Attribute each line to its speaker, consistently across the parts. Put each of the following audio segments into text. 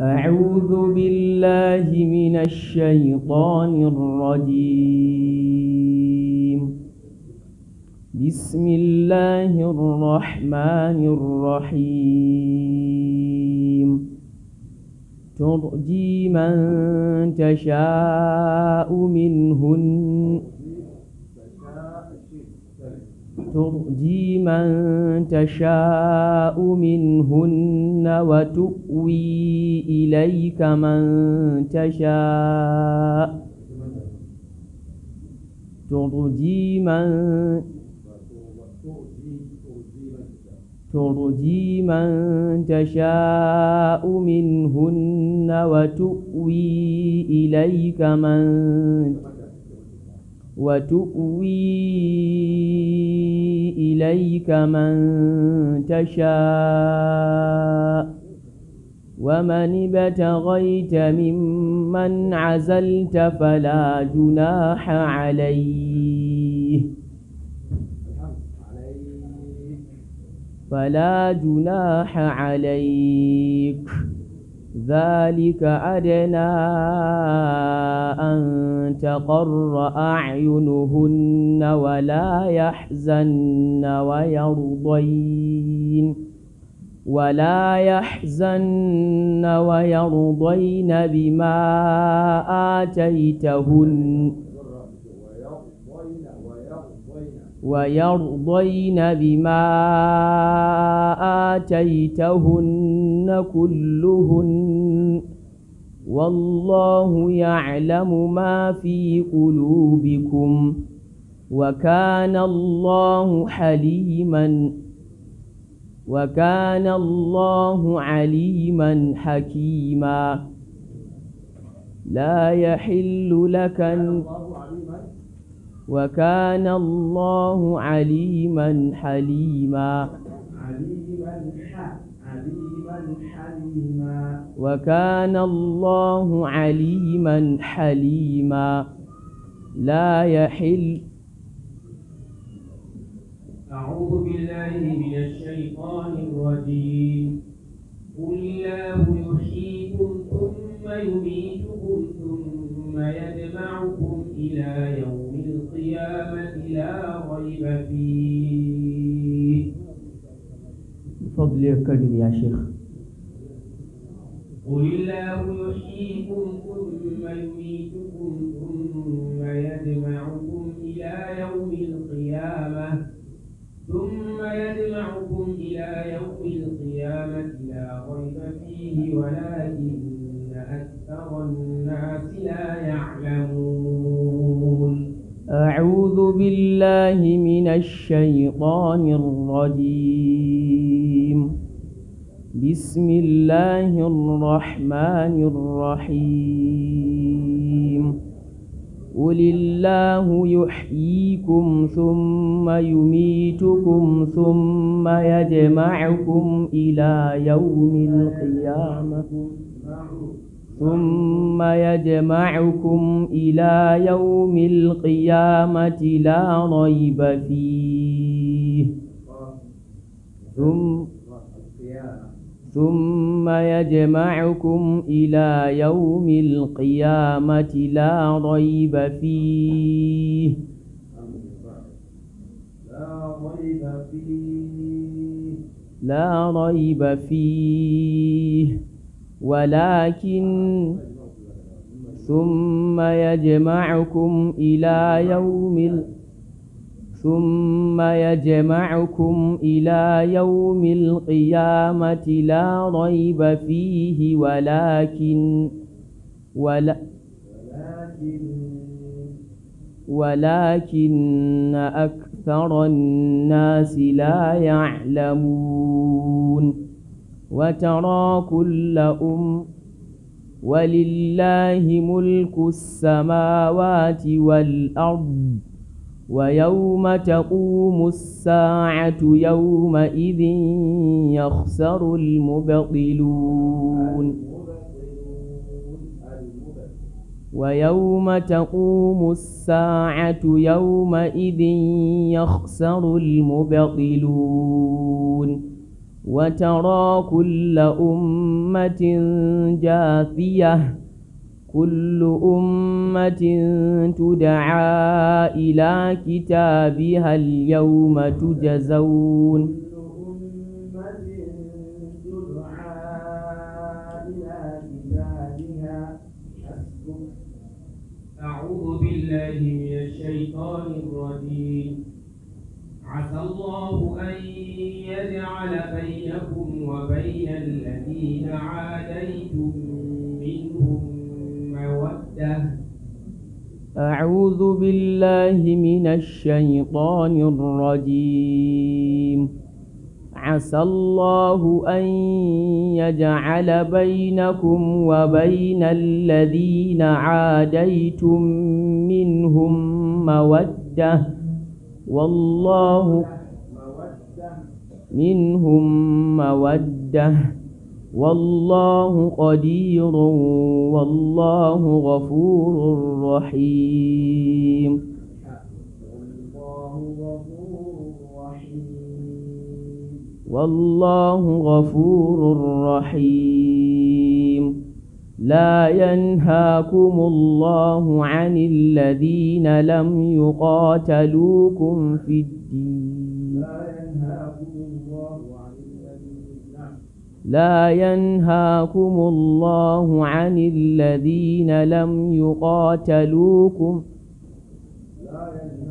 Speaker 1: أعوذ بالله من الشيطان الرجيم بسم الله الرحمن الرحيم ترجي من تشاء منهن ترجي من تشاء منهن وتؤوي إليك من تشاء ترجي من ترجي من تشاء منهن وتؤوي إليك من تشاء وتؤوي إليك من تشاء ومن ابتغيت ممن عزلت فلا جناح عليه فلا جناح عليك ذلك أدنى أن تقر أعينهن ولا يحزن ويرضين ولا يحزن ويرضين بما آتيتهن ويرضين بما آتيتهن كلهن والله يعلم ما في قلوبكم وكان الله حليما وكان الله عليما حكيما لا يحل لك الله وكان الله عليما حليما وكان الله عليما حليما لا يحل أعوذ بالله من الشيطان الرجيم قل الله يحييكم ثم يميتكم يجمعكم إلى يوم القيامة لا ريب فيه فضل يا شيخ قل الله يحييكم ثم يميتكم ثم من الشيطان الرجيم بسم الله الرحمن الرحيم قل الله يحييكم ثم يميتكم ثم يجمعكم إلى يوم القيامة ثم يجمعكم إلى يوم القيامة لا ريب فيه ثم ثم يجمعكم إلى يوم القيامة لا ريب فيه لا ريب فيه لا ريب فيه ولكن ثم يجمعكم إلى يوم ال... ثم يجمعكم إلى يوم القيامة لا ريب فيه ولكن ولا ولكن أكثر الناس لا يعلمون وترى كل أم ولله ملك السماوات والأرض ويوم تقوم الساعة يومئذ يخسر المبطلون ويوم تقوم الساعة يومئذ يخسر المبطلون وترى كل أمة جاثية كل أمة تدعى إلى كتابها اليوم تجزون أعوذ بالله من الشيطان الرجيم عسى الله أن يجعل بينكم وبين الذين عاديتم منهم مودة أعوذ بالله من الشيطان الرجيم عسى الله أن يجعل بينكم وبين الذين عاديتم منهم مودة والله منهم مودة والله قدير والله غفور رحيم والله غفور رحيم لا ينهاكم الله عن الذين لم يقاتلوكم في الدين لا ينهاكم الله عن الذين لم يقاتلوكم لا ينهاكم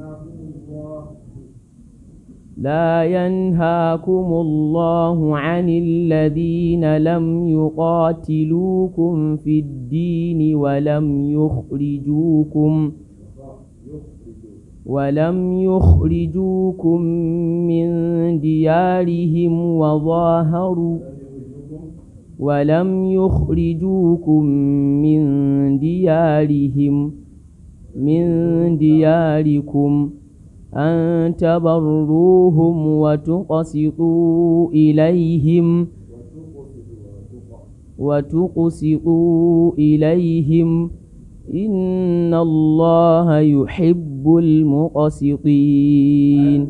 Speaker 1: لا ينهاكم الله عن الذين لم يقاتلوكم في الدين ولم يخرجوكم ولم يخرجوكم من ديارهم وظاهروا ولم يخرجوكم من ديارهم من دياركم أن تبروهم وتقسطوا إليهم وتقسطوا إليهم إن الله يحب المقسطين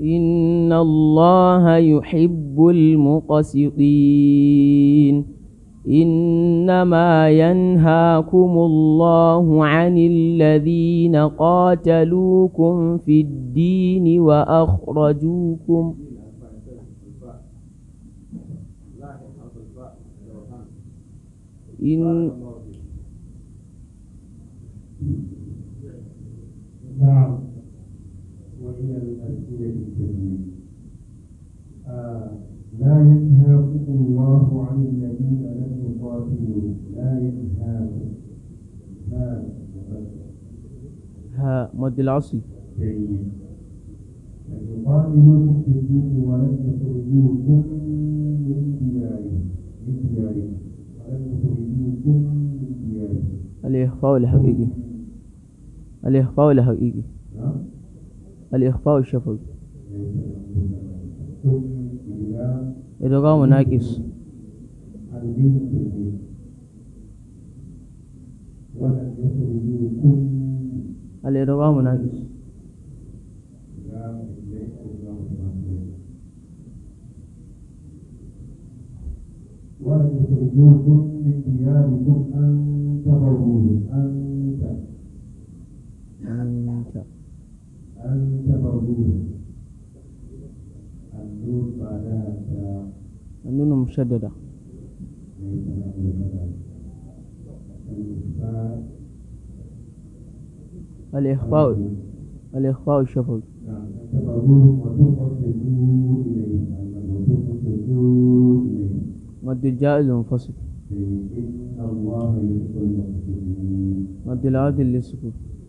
Speaker 1: إن الله يحب المقسطين إنما ينهاكم الله عن الذين قاتلوكم في الدين وأخرجوكم إن نعم وإلى الأسئلة الكريمة لا ينهاكم الله عن الذين لم يقاتلوا لا ينهاكم ها مد العصي لم يقاتلوكم في الدين ولم يخرجوكم من ديارهم من ديارهم ولم يخرجوكم من ديارهم الإخفاء الحقيقي الإخفاء الحقيقي نعم. الإخفاء الشفوي ثم Itu kau munakif. Al itu kau munakif. Anta Anta Anta Anta Anta Anta Anta Anta النون مشددة الإخفاء الإخفاء الشفوي مد الجاء المنفصل مد العادل للسكون